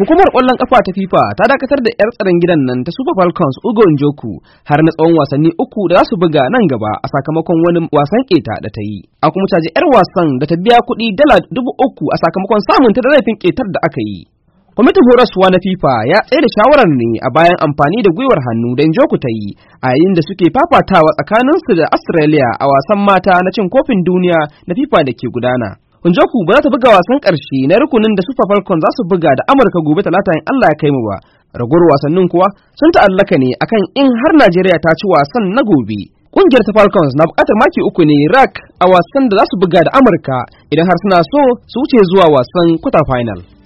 Hukumar kwallon kafa ta FIFA ta dakatar da 'yar tsaron gidan nan ta Super Falcons Ugo Njoku har na tsawon wasanni uku da za su buga nan gaba a sakamakon wani wasan keta da ta yi. A kuma caji 'yar wasan da ta biya kuɗi dala dubu uku a sakamakon samun ta da laifin ketar da aka yi. Kwamitin horaswa na FIFA ya tsaye da shawarar ne a bayan amfani da gwiwar hannu don Njoku ta yi a yayin da suke fafatawa tsakaninsu da Australia a wasan mata na cin kofin duniya na FIFA da ke gudana. Njoku ba za ta buga wasan ƙarshe na rukunin da Super Falcons za su buga da Amurka gobe talata in Allah ya kai mu ba. Ragowar wasannin kuwa sun ta'allaka ne akan in har Najeriya ta ci wasan na gobe. Ƙungiyar ta Falcons na buƙatar maki uku ne rak a wasan da za su buga da Amurka idan har suna so su wuce zuwa wasan kwata final.